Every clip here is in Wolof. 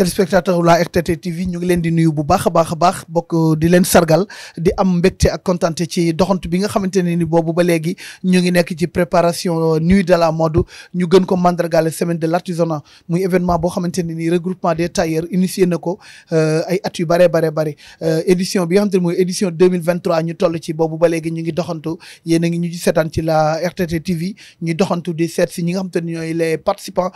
téléspectateur la RTT TV ñu ngi leen di nuyu bu baax a baax a baax bokk di am mbégte ak kontante ci doxantu bi nga xamante ne ni boobu ba léegi ñu ngi nekk ci préparation euh, nuit de la mode ñu gën ko mandargale semaine de l'artisanat muy événement boo xamante ni regroupement des tailleurs initié na ko euh, ay at yu bare bare bare euh, édition bi nga xamante ne mooy édition 2023 ñu toll ci boobu ba léegi ñu ngi doxantu yéen ngi ñu ci seetaan ci la RTT TV ñu doxantu di seet si ñi nga ñooy les participants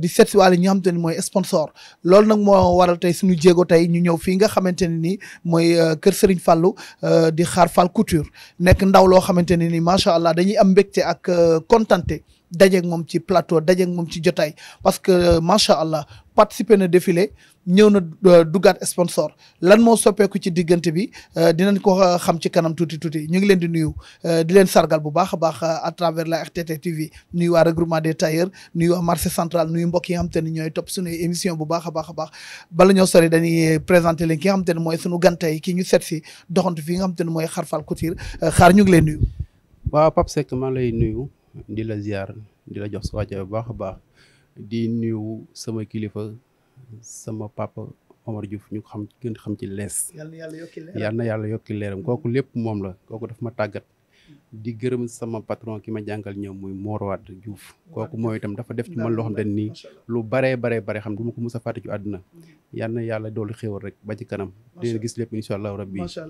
di seet si wàlla ñi nga mooy sponsor loolu loolu nag moo waral tey suñu jéego tey ñu ñëw fii nga xamante ne nii mooy euh, kër Serigne Fallou euh, di xaar Fall Couture nekk ndaw loo xamante ne nii macha allah dañuy am mbégte ak euh, kontante dajeeg moom ci plateau dajeeg moom ci jotaay parce que macha allah participer na défilé ñëw na euh, dugaat sponsor lan moo soppeeku ci diggante bi euh, dinañ ko euh, xam ci kanam tuuti tuuti ñu ngi leen di nuyu di leen sargal bu baax a baax à travers la RTT TV nuyu waa regroupement des tailleurs nuyu waa marché central nuyu mbokk yi nga xam te ne ñooy topp suñuy émission bu baax a baax a baax bala ñoo sori dañuy présenter leen ki nga xam te ne mooy suñu gantey ki ñu set si doxantu fi nga xam te ne mooy Xarfal Couture xaar ñu ngi leen nuyu. waaw Pape Seck maa lay nuyu ndi la ziar di la jox sa bu baax a baax. di nuyu sama kilifa sama papa Omar Diouf ñu xam gën xam ci lees yal na yàlla yokki leeram kooku lépp moom la kooku daf ma tàggat di gërëm sama patron ki ma jàngal ñoom muy Mor Wade Diouf kooku mooy itam dafa def ci man loo xam ne nii lu baree baree bare xam du ma ko mës a fàtte ci àdduna mm-hmm. yal na yàlla rek ba ci kanam dina gis lépp incha allah rabbi macha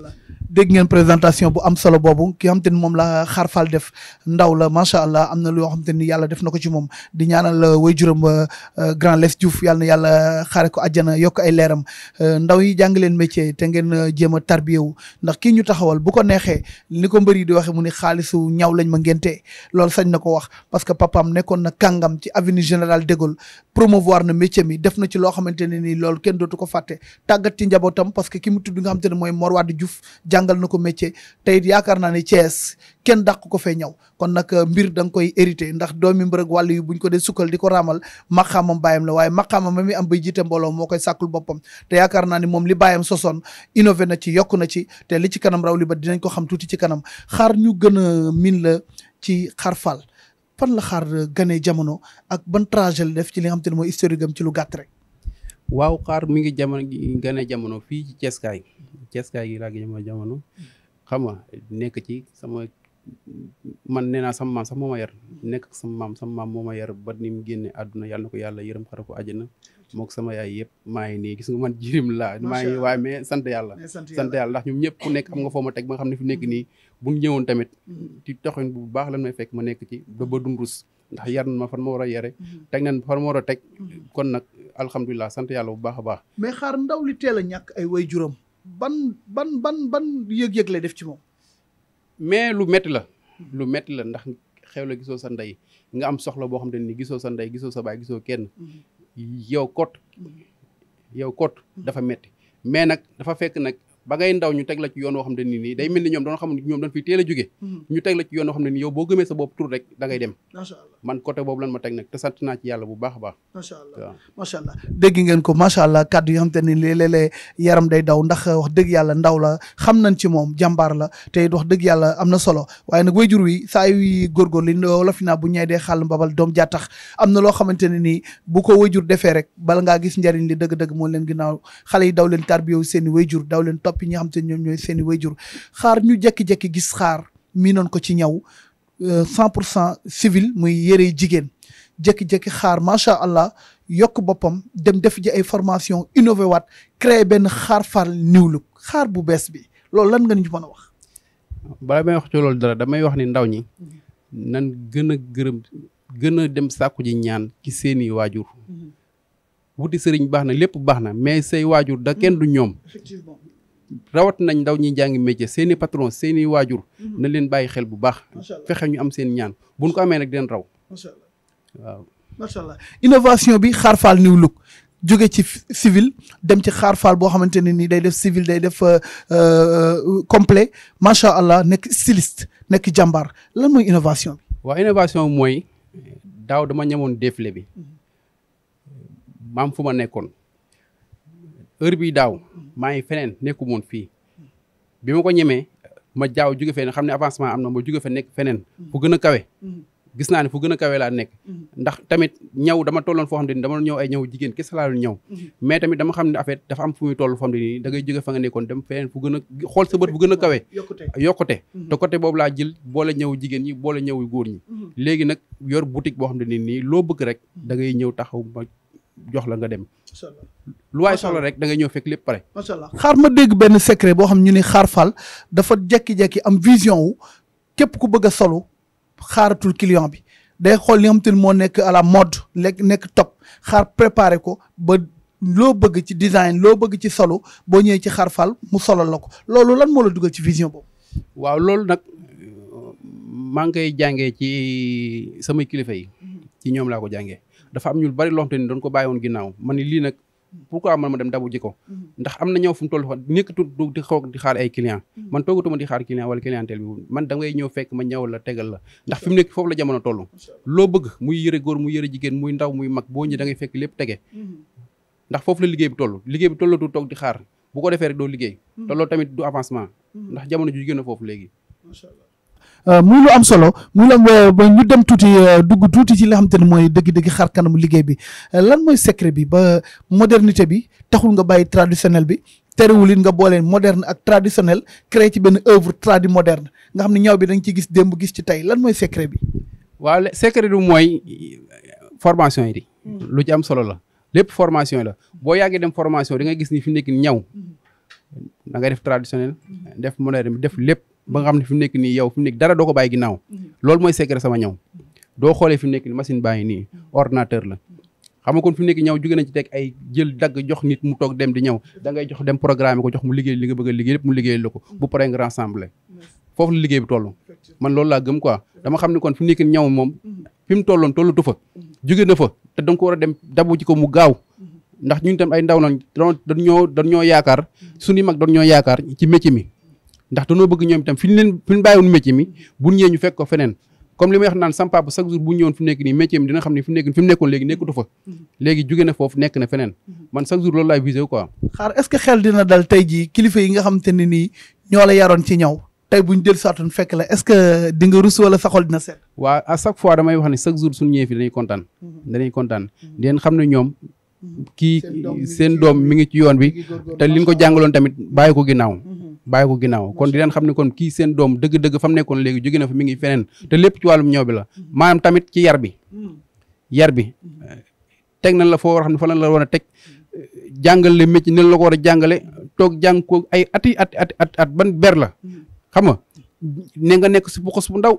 ngeen présentation bu am solo boobu ki xam te ni moom la def ndaw la macha allah am na loo xam te ni yàlla def na ko ci moom di ñaanal uh, way juram uh, uh, grand les Diouf yàlla na yàlla xaare ko àjjana yokk ay leeram ndaw yi jàng leen métier te ngeen jéem a tarbiyewu ndax kii ñu taxawal bu ko neexee ni ko mbëri di waxe ni xaalisu ñaw lañ ma ngénte lool sañ na ko wax parce que papaam nekkoon na kàngam ci avenue général de Gaulle promouvoir na métier mi def na ci loo xamante ne nii loolu kenn dootu ko fàtte tàggat ci njabootam parce que ki mu tudd nga xamante ne mooy Mor Wade Diouf jàngal na ko métier tey it yaakaar naa ne Thiès kenn dàq ko fee ñaw kon nag euh, mbir da nga koy hérité ndax doomi mbërëg wàll yu buñ ko dee sukkal di ko raamal maqaamam bàyyam la waaye maqaamam ma mi am bay jiite mbooloo moo koy sàkkul boppam te yaakaar naa ni moom li baayam sosoon innové na ci yokk na ci te li ci kanam raw li ba dinañ ko xam tuuti ci kanam xaar ñu gën a min la ci xaar Fall fan la xaar euh, ganee jamono ak ban trajet def ci li xam te ne mooy historique gam ci lu gàtt rek waaw xaar mi ngi jamono ganee jamono fii ci Ceeskaay Ceeskaay gi laa jamono hmm. xam nga nekk ci sama man nee naa sama maam sax moo ma yar nekk ak sama maam sama maam moo ma yar ba ni mu génne àdduna yàlla na ko yàlla yërëm xara ko àjjana mook sama yaay yëpp maa ngi nii gis nga man jirim laa maa waaye mais sant yàlla ndax ñoom ñëpp nekk am nga foo ma teg ba nga xam ne fi nekk nii bu ñu ñëwoon tamit mm-hmm. ci toxin bu baax lan may fekk ma nekk ci ba ba dundrus ndax yar na ma fan ma war a yare mm-hmm. teg nañ fan ma war a teg mm-hmm. kon nag alhamdulilah sant yàlla bu baax a baax mais xaar ndaw li teel a ñàkk ay way juróom ban ban ban ban yëg-yëg ci moom mais lu métti la lu métti la ndax xew la gisoo sa ndey nga am soxla boo xam te ni gisoo sa ndey gisoo sa baay gisoo kenn mm-hmm. yow kot mm-hmm. yow kot dafa métti mais nag dafa fekk nag ba ngay ndaw ñu teg la ci yoon woo xam ne nii day mel ni ñoom doon xam ne ñoom dañ fiy teel a mhm. yow boo gëmee sa bopp tur rek da ngay dem macha man yàlla bu baax ko xam te ni léeg-léeg yaram day ndax wax dëgg yàlla ndaw la xam nañ ci moom jàmbaar la te wax dëgg yàlla am na solo waaye nag wayjur wi saa yu góorgóor li la fi naa bu ñaay dee xàll mbabal doom jaatax am na loo xamante ne nii bu ko wayjur defee rek bala ngaa gis njariñ li dëgg-dëgg moo leen ginnaaw xale yi daw leen tarbiyewu seen wayjur daw leen topp soppi ñi nga xam ñoom ñooy seeni i wayjur xaar ñu jekki-jekki gis xaar mii miinoon ko ci ñaw euh, cent pour cent civil muy yére jigéen jekki-jekki xaar macha allah yokk boppam dem def ji ay formation innové waat créer benn xaar far new xaar bu bees bi loolu lan nga ñu mën a wax. bala may wax ci loolu dara damay wax ni ndaw ñi nan gën a gërëm gën a dem sàkku ji ñaan ci seeni waajur. Mm-hmm. wuti sëriñ baax na lépp baax na mais say waajur da kenn du ñoom. rawat nañ ndaw ñuy jàngi métier seeni i patron seen waajur mhm. na leen bàyyi xel bu baax fexe ñu am seen ñaan buñ ko amee nag den raw waaw macha innovation bi xaarfaal new look jóge ci civil dem ci xaarfaal boo xamante ne nii day def civil day def euh, euh, complet macha allah nekk styliste nekk jàmbar lan mooy innovation bi waaw innovation mooy daaw dama ñamoon défilé bi mhm. maam fu ma nekkoon heure bii daaw maa ngi feneen nekku moon fii bi ma ko ñemee ma jaaw jóge feneen xam ne avancement am na ma jóge fa nekk feneen fu gën a kawe gis naa ne fu gën a kawe laa nekk ndax tamit ñaw dama tolloon foo xam ne ni dama ñëw ay ñaw jigéen ke laa doon ñaw mais tamit dama xam ne en fait dafa am fu muy toll foo xam ne nii da ngay jóge fa nga nekkoon dem feneen fu gën a xool sa bët bu gën a kawe yokkute mhm. te côté boobu laa jël boole ñëw jigéen ñi boole ñëw góor ñi mhm. léegi nag yor boutique boo xam ne nii loo bëgg rek da ngay ñëw taxaw ma jox la nga dem. lu waay soxla rek dangay ñëw fekk lépp pare. macha allah xaar ma dégg benn secret boo xam ñu ni xaar fal dafa jekki-jekki am vision wu képp ku bëgg a solu xaaratul client bi day xool li nga xam te moo nekk à la mode lekk nekk topp xaar préparé ko ba. loo bëgg ci design loo bëgg ci solo boo ñëwee ci xarfal mu solo la ko loolu lan moo la dugal ci vision boobu. waaw loolu nag maa ngi jàngee ci sama kilifa yi. ci ñoom laa ko jàngee. dafa am ñu bari loo xamante ni doon ko bàyyi woon ginnaaw man ni lii nag pourquoi man ma dem dabu ji ko mhm. ndax am na ñaw fu mu toll fa nekkatu di xoog di xaar ay client mhm. man toogatuma di xaar client wala clientèle man da ngay ñëw fekk ma ñëw la tegal la ndax fi mu nekk foofu la jamono toll loo bëgg muy yëre góor muy yëre jigéen muy ndaw muy mag boo ñëwee da ngay fekk lépp tege mhm. ndax foofu la liggéey bi toll liggéey bi tollatu toog di xaar bu ko defee rek doo liggéey te loolu tamit du avancement ndax jamono ju génn foofu léegi Euh, muy lu am solo muy lu euh, ba ñu dem tuuti euh, dugg tuuti ci li nga xamante ne mooy dëgg-dëgg xar kanamu liggéey bi lan mooy secret bi ba modernité bi taxul nga bàyyi traditionnel bi terewul it nga booleen moderne ak traditionnel créé ci benn œuvre moderne nga ne ñaw bi da nga ciy gis démb gis ci tey lan mooy secret bi. waaw secret mooy formation yi di. Hmm. lu ci am solo la lépp formation la boo yàggee dem formation di nga gis nii fi nekk ñaw hmm. da nga def traditionnel hmm. def moderne def lépp. ba nga xam ne fi mu nekk nii yow fi nekk dara doo ko bàyyi ginnaaw mhm. mooy secret sama ñaw doo xoolee nekk nii machine baa ngi nii mhm. ordinateur la xam nga kon fi mu nekk ñaw jóge nañ ci teg ay jël dagg jox nit mu toog dem di ñaw da ngay jox dem programme ko jox mu liggéey li nga bëgg a mu liggéey ko mhm. bu paree nga rassemble foofu liggéey bi toll man loolu laa gëm quoi dama xam ne kon fi mu ñaw moom fi mu tolloon tollatu fa jóge na fa te da nga ko war a dem dabu ci ko mu gaaw ndax ñun tam ay ndaw nañ dañoo ñoo yaakaar su suñu mag doon ñoo yaakaar ci métier mi ndax dañoo bëgg ñoom itam fi ñu leen fi ñu bàyyiwoon métier feneen comme li may wax naan sama nekk nii métier mi dina xam ne fi mu nekk fi mu nekkoon léegi nekkatu fa ne nii ñoo yaroon ci ñaw ñu jël saatoon fekk la ce que di nga rus wala sa xol dina set waaw à chaque fois damay wax ne chaque jour suñu ñëwee fi dañuy kontaan mhm. dañuy xam ne ñoom mhm. kii seen doom mi ngi ci yoon bi te li ñu ko jàngaloon tamit bàyyi ko ginnaaw bàyyi ko ginnaaw kon di leen xam ne kon kii seen doom dëgg-dëgg fa mu nekkoon léegi jóge na fa mi ngi feneen te lépp ci wàllum ñëw la maanaam tamit ci yar bi mm. yar bi teg na la foo war a lañ la war a teg jàngale le métier nañ la ko a jàngale toog jàng ko ay ati at at at at ban ber la mm. xam nga ne nga nekk si bu xos bu ndaw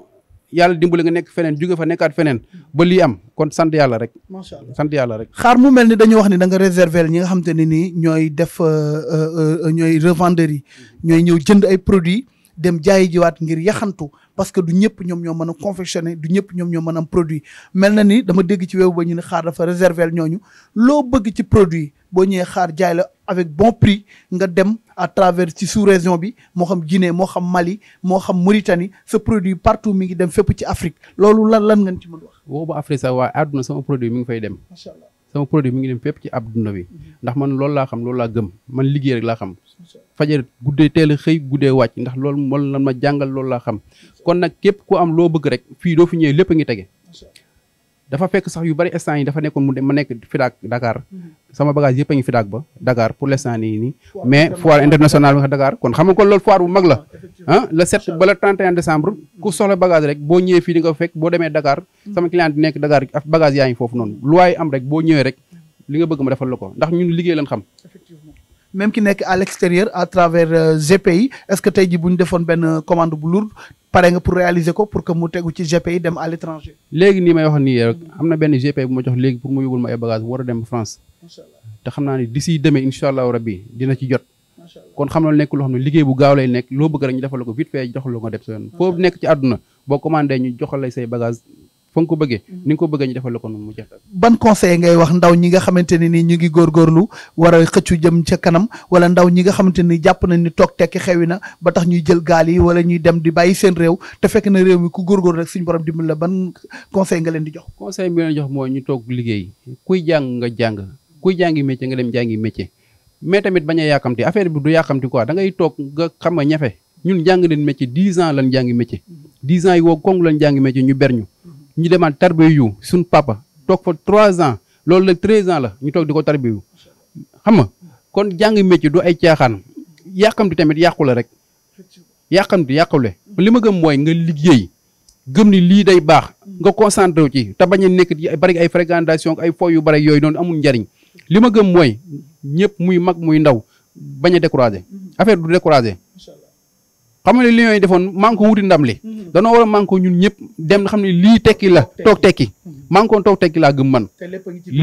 yàlla dimbali nga nekk feneen jóge fa nekkaat feneen ba am kon sant yàlla rek. macha allah sant yàlla rek. xaar mu mel ni dañoo wax ni da nga réserver ñi nga xam te ne nii ñooy def euh, euh, euh, ñooy revendeurs yi ñooy ñëw jënd ay produits. dem jaayi jiwaat ngir yaxantu parce que du ñëpp ñoom ñoo mën a confectionner du ñëpp ñoom ñoo mën a am produit mel na ni dama dégg ci weewu ba ñu ne xaar dafa réserver ñooñu loo bëgg ci produit boo ñëwee xaar jaay la avec bon prix nga dem à travers ci sous-région bi moo xam Guinée moo xam Mali moo xam Mauritanie sa produit partout mi ngi dem fépp ci Afrique loolu lan lan ngeen ci mën wax. waxuma Afrique sax waaye àdduna sama produit mi ngi fay dem. macha sama produit mu ngi dem fépp ci àdduna bi ndax man lool laa xam loolu laa gëm man liggéey rek laa xam fajar guddee teel a xëy guddee wàcc ndax loolu moom la ma jàngal loolu laa xam kon nag képp ku am loo bëgg rek fii doo fi ñëwee lépp a ngi tege dafa fekk sax yu bari instant yi dafa nekkoon mu dem ma nekk FIDAK Dakar mhm. sama bagage yëpp a ngi FIDAK ba Dakar pour l'instant nii nii mais foire internationale bi nga Dakar kon xam la ah, ah le décembre mhm. ku soxla bagage rek boo ñëwee fii di nga fekk boo demee Dakar mhm. sama client di nekk Dakar ak bagage yaa foofu noonu lu am rek boo ñëwee rek li nga bëgg ma defal la ko ndax ñun liggéey lañ xam même ki nekk à l'extérieur à travers euh, GPI est-ce que tey ji bu ñu defoon benn euh, commande bu lourde pare nga pour réaliser ko pour que mu tegu ci GPI dem à l'étranger léegi nii may wax nii rek am na benn GPI bu ma jox léegi pour mu yóbbul ma ay bagage war a dem France te xam naa ni ne d'ici demain incha allahu bi dina ci jot kon xam loolu nekk loo xam ne liggéey bu gaaw lay nekk loo bëgg rek ñu defal ko vite fait jox la ko def so foofu nekk ci àdduna boo commandé ñu jox lay say bagage fa nga ko bëggee mm. ni ko bëggee ñu defal la ko noonu mu jeex ban conseil ngay wax ndaw ñi nga xamante ne ni ñu ngi góorgóorlu war a xëccu jëm ca kanam wala ndaw ñi nga xamante ni jàpp nañ ni toog tekki xewi na ba tax ñuy jël gaal yi wala ñuy dem di bàyyi seen réew te fekk na réew mi ku góorgóorlu rek suñu borom dimbal la ban conseil nga leen di jox conseil bi leen jox mooy ñu toog liggéey kuy jàng nga jàng kuy jàngi métier nga dem jàngi métier mais tamit bañ a yàkkamti affaire bi du yàkkamti quoi da ngay toog nga xam nga ñafe ñun jàng leen métier dix ans lan jàngi métier dix ans yi woo kong lan jàngi métier ñu berñu ñu demaan tarbiyu yu suñ papa toog fa trois ans loolu nag treize ans la ñu toog di ko tarbiyu xam nga kon jàng métier du ay caaxaan yàqamti tamit yàqu la rek yàqamti yàqule li ma gëm mooy nga liggéey gëm ni lii day baax nga concentré wu ci te bañ a nekk ci bari ay fréquentation ay fooy yu bare yooyu noonu amul njariñ li ma gëm mooy ñëpp muy mag muy ndaw bañ a découragé affaire du découragé xam nga lions yi defoon man ko wuti ndam li mm-hmm. danoo war a man ñun ñëpp dem xam ne lii tekki la toog tekki mm-hmm. man ko toog tekki laa gëm man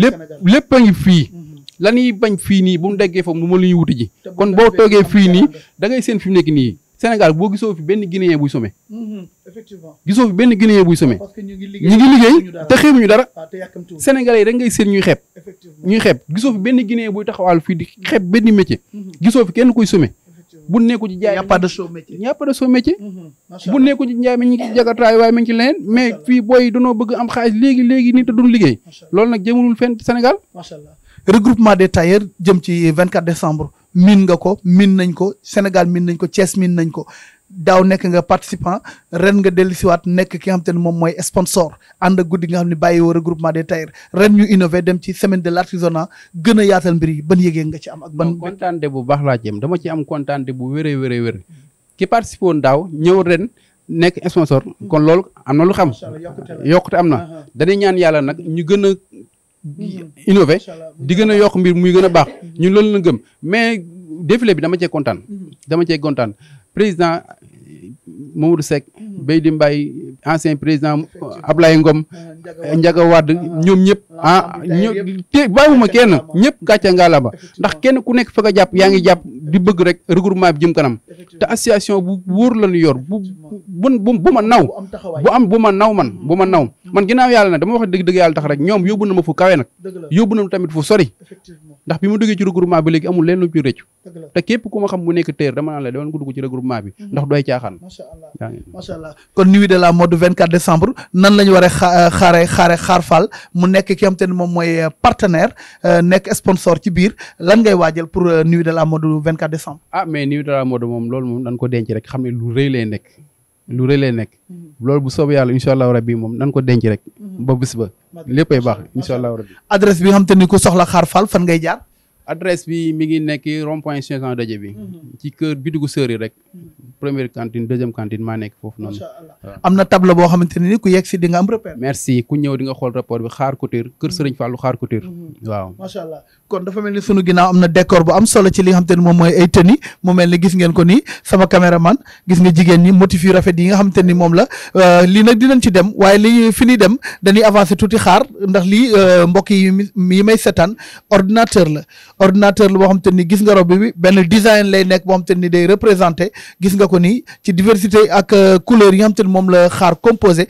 lépp lépp a ngi fii mm-hmm. la ñuy bañ fii nii bu mu deggee foofu mu ma lu ñuy wuti ji kon boo toogee fii nii da ngay seen fi mu nekk nii Sénégal boo gisoo fi benn Guinéen buy sommet gisoo fi benn Guinéen buy sommet ñu ngi liggéey te xeebuñu dara ah, Sénégalais yi rek ngay seen ñuy xeeb ñuy xeeb gisoo fi benn Guinéen buy taxawal fii di xeeb benn métier gisoo fi kenn kuy sommet bu nekku ci jaay. y' a pas de sot métier y' a pas de sot métier. Mm-hmm. bu nekku ci njaay mi ngi ci jagataay waaye mi ngi ci leneen booy danoo bëgg am xaalis léegi léegi ni te duñ liggéey. loolu nag jëmulul fenn ci Sénégal. macha allah regroupement de tailleurs jëm ci vingt 24 décembre. min nga ko min nañ ko Sénégal min nañ ko Thiès min nañ ko daaw nekk nga participant ren nga siwaat nekk ki nga xam te ne moom mooy sponsor ànd ak guddi nga xam ni bàyyi woo groupement des tailleurs ren ñu innové dem ci semaine de l'artisanat gën a yaatal mbir yi ban yëgee nga ci am ak ban kontaante bu baax laa jëm dama ci am kontaante bu wéree wéree wér ki participé woon daaw ñëw ren nekk sponsor kon loolu am na lu xam yokkute am na uh-huh. dañuy ñaan yàlla nag ñu gën a mm-hmm. innové di gën a yokk mbir muy gën a baax mm-hmm. ñun loolu la gëm mais défilé bi dama cee kontaan mm-hmm. dama cee kontaan président euh, Mamadou Seck di mhm. Mbaye ancien président Ablaye Ngom euh, Ndiaga Wade ah, ñoom ñëpp ah ñë bàyyiwuma kenn ñëpp gàcce nga la ba ndax kenn ku nekk fa nga jàpp yaa ngi mm. jàpp di bëgg rek regroupement bi jëm kanam te association bu wóor la ñu yor bu bu bu ma naw bu am bu ma naw man bu ma naw mm. man ginnaaw yàlla nag dama wax dëgg dëgg yàlla tax rek ñoom yóbbu na ma fu kawe nag yóbbu na ma tamit fu sori ndax bi ma duggee ci regroupement bi léegi amu leen lu ci rëccu te képp ku ma xam mu nekk téer dama naan la demal nga dugg ci regroupement bi mhm. ndax doy caaxaan macha allah macha allah kon nuit de la mode 24 décembre nan la ñu war a euh, xaare xaare xaar Fall mu nekk ki xam te moom mooy euh, partenaire euh, nekk sponsor ci biir lan ngay waajal pour nuit de la mode 24 décembre ah mais nuit de la mode moom loolu moom dañ ko denc rek xam ne lu rëy lay nekk lu rëy lay nekk mhm. loolu bu soobee yàlla incha allahu rabbi moom nan ko denc rek mhm. ba bis ba léppay baax incha allahu rabbi adresse bi nga xam te ni ku soxla Khar Fall fan ngay jaar adresse bi mi ngi nekk rond point cinq cent daje bi mhm. ci kër bi dugg sëri rek première cantine deuxième cantine ma nekk foofu noonu am na table boo xamante ne ni ku yegg si di nga am repère merci ku ñëw di nga xool rapport bi xaar Couture kër Serigne Fallou Khar Couture waaw kon dafa mel ni sunu ginaaw am na décor bu am solo ci li nga xam te ne moom mooy ay tëni mel ni gis ngeen ko ni sama man gis nga jigéen ñi motif yu rafet yi nga xam te ni moom la euh, lii nag dinañ ci dem waaye li fi ñuy dem dañuy avancer tuuti xaar ndax lii euh, mbokk yi may setaan ordinateur la ordinateur la boo xam te ni gis nga robe bi benn design lay nekk boo xam te ni day représenté gis nga ko nii ci diversité ak euh, couleur yi nga xam te moom la xaar composé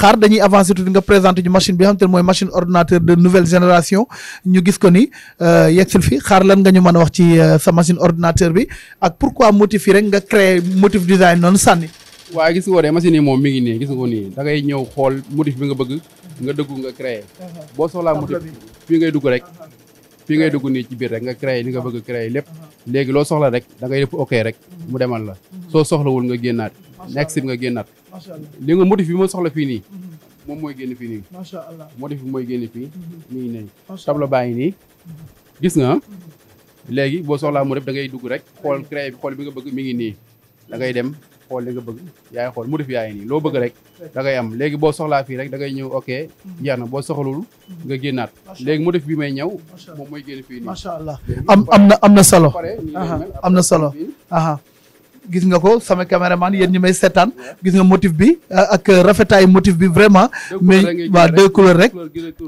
xaar dañuy avancer tuuti nga présenté ñu machine bi nga xam te mooy machine ordinateur de nouvelle génération ñu gis ko nii Euh, yeggsil fi xaar lan nga ñu mën a wax ci euh, sa machine ordinateur bi ak pourquoi motif yi rek nga créer motif design noonu sànni. waaye gis nga ne machine yi moom mi ngi nii gis nga nii da ngay ñëw xool motif bi nga bëgg nga dëggu nga créer uh-huh. boo soxlaa motif fii ngay dugg rek uh-huh. fii ngay dugg nii ci biir rek nga créer li nga bëgg uh-huh. créer lépp léegi loo soxla rek da ngay def ok rek mu demal la soo soxlawul nga génnaat next nga génnaat li nga motif bi ma soxla fii nii moom mooy génn fii nii motif bi mooy génn fii nii nii tableau baa ngi nii gis nga léegi boo soxlaa mu def da ngay dugg rek xool bi xool bi nga bëgg mi ngi nii da ngay dem xool li nga bëgg yaay xool mu def yaay nii loo bëgg rek dangay ngay am léegi boo soxlaa fii rek dangay ñëw ok jeex na boo soxlul nga génnaat léegi mu def bi may ñëw moom mooy génn fii nii macha allah am am na am na solo am na solo gis nga ko sama man yéen ñi may seetaan gis nga motif bi euh, ak euh, rafetaay motif bi vraiment mais waaw deux couleurs rek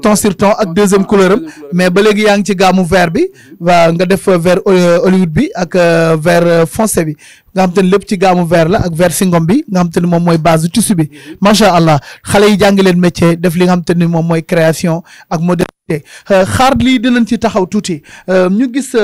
ton sur ton ak deuxième couleur am mais ba léegi yaa ngi ci gaamu vert bi mhm. waa nga def euh, vert Hollywood bi ak vert foncé bi nga xam te ne lépp ci gaamu vert la ak vert singom bi nga xam te ne moom mooy base tissu bi mhm. macha allah xale yi jàngi leen métier def li nga xam moom mooy création ak modernité xaar lii dinañ ci taxaw tuuti ñu gis.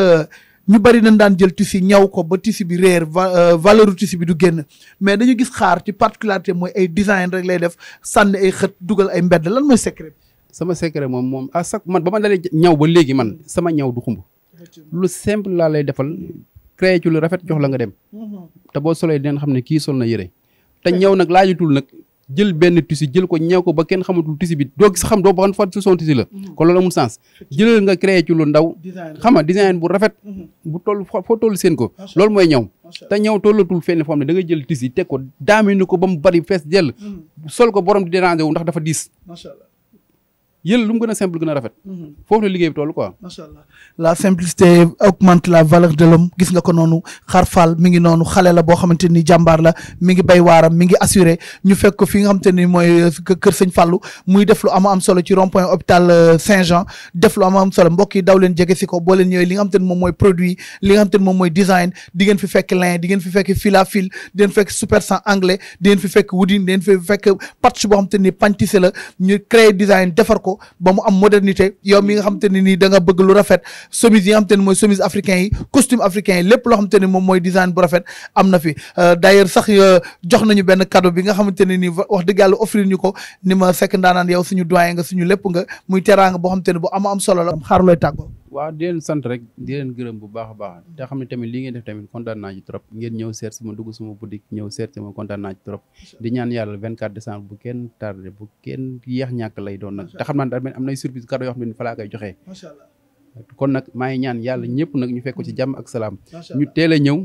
ñu bari nañ daan jël tissu ñaw ko ba tissu bi réer euh, valeur tissu bi du génn mais dañu gis xaar ci particularité mooy ay design rek lay def sànni ay xët dugal ay mbedd lan mooy secret sama secret moom moom à chaque man ba ma dalee ñaw ba léegi man sama ñaw du xumb lu simple laa lay defal créé ci lu rafet jox la nga dem mm-hmm. te boo solee dinañ xam ne kii sol na yére te ñaw nag laajutul nag jël benn tissu jël ko ñeew ko ba kenn xamatul tissu bi doo gis xam doo ban fa son tissu la mhm. kon loolu amul sens jëlal nga créé ndaw xam nga bu rafet mhm. bu toll foo toll seen ko loolu mooy ñëw te ñëw tollatul fenn foo xam ne da jël tissu teg ko daaminu ko ba mu bari fees jël mhm. sol ko borom di déranger ndax dafa diis yël lu mu gën a simple gën a rafet. Mhm. foofu la liggéey bi toll quoi. macha la simplicité augmente la valeur de l'homme gis nga ko noonu xarfaal mi ngi noonu xale la boo xamante ni jàmbaar la mi ngi bay waaram mi ngi assuré ñu fekk ko fi nga xamante ni mooy euh, kër sëñ Fallou muy def lu am am solo ci rond point hôpital euh, Saint-Jean def lu am am solo mbokk yi daw leen jege ko boo ñëwee li nga moom mooy produit li nga moom mooy design di fi fekk lin di fi fekk ko ba mu am modernité yow mi nga xam te ne nii da nga bëgg lu rafet chemise yi nga xam te mooy chemise africain yi costume africain yi lépp loo xam te ne moom mooy design bu rafet am na fi euh, d'ailleurs sax euh, jox nañu benn cadeau bi nga xamante ne nii wax dëgg yàlla offrir ñu ko ni ma fekk ndaanaan yow suñu doyen nga suñu lépp nga muy teraanga boo xam te ne bu am am solo la xaar looy tàggoo waaw di leen sant rek di leen gërëm bu baax a baax te xam ne tamit li ngeen def tamit kontaan naa ci trop ngeen ñëw seet si ma dugg suma boutique ñëw seet si ma kontaan naa ci trop di ñaan yàlla bu kenn tardé bu kenn yeex ñàkk lay doon nag te xam naa tamit am nay surprise cadeau yoo xam ne fa laa kon nag maa ñaan yàlla ñëpp nag ñu fekk ci jàmm ak salaam ñu teel a ñëw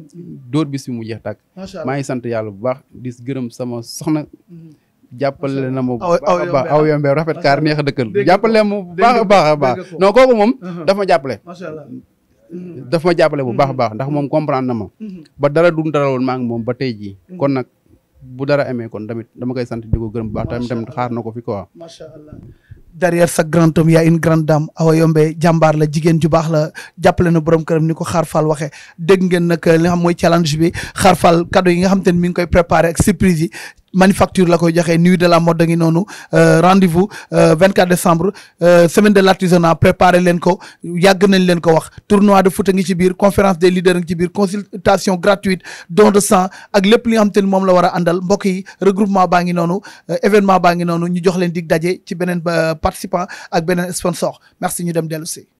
dóor bis mu jeex tàkk maa sant yàlla bu baax di gërëm sama soxna mm-hmm. jàppale na ma bu baax a baax aw yombe rafet kaar neex dëkkal jàppale ma baax a baax a baax non kooku moom uh-huh. daf ma jàppale uh-huh. daf ma jàppale bu baax a uh-huh. baax ndax moom comprendre na ma ba dara dum dara woon maa moom ba tey jii kon nag bu dara amee kon tamit dama koy sant di ko gërëm bu baax xaar na ko fi quoi derrière sa grand homme y a une grande dame jàmbaar la jigéen ju baax la jàppale na borom këram ni ko Xaar Fall waxee dégg ngeen na li nga xam mooy challenge bi xarfal Fall yi nga xam te ne mi ngi koy préparé ak surprise yi manufacture la koy joxe nuit de la mode ngi noonu euh, rendez-vous 24 euh, décembre euh, semaine de na préparé leen ko yàgg nañ leen ko wax tournoi de foot ngi ci biir conférence des leaders ngi ci biir consultation gratuite don de sang ak lépp li nga xam moom la war a àndal mbokk yi regroupement baa ngi noonu événement baa ngi noonu ñu jox leen dig daje ci beneen participant ak beneen sponsor merci ñu dem dellu si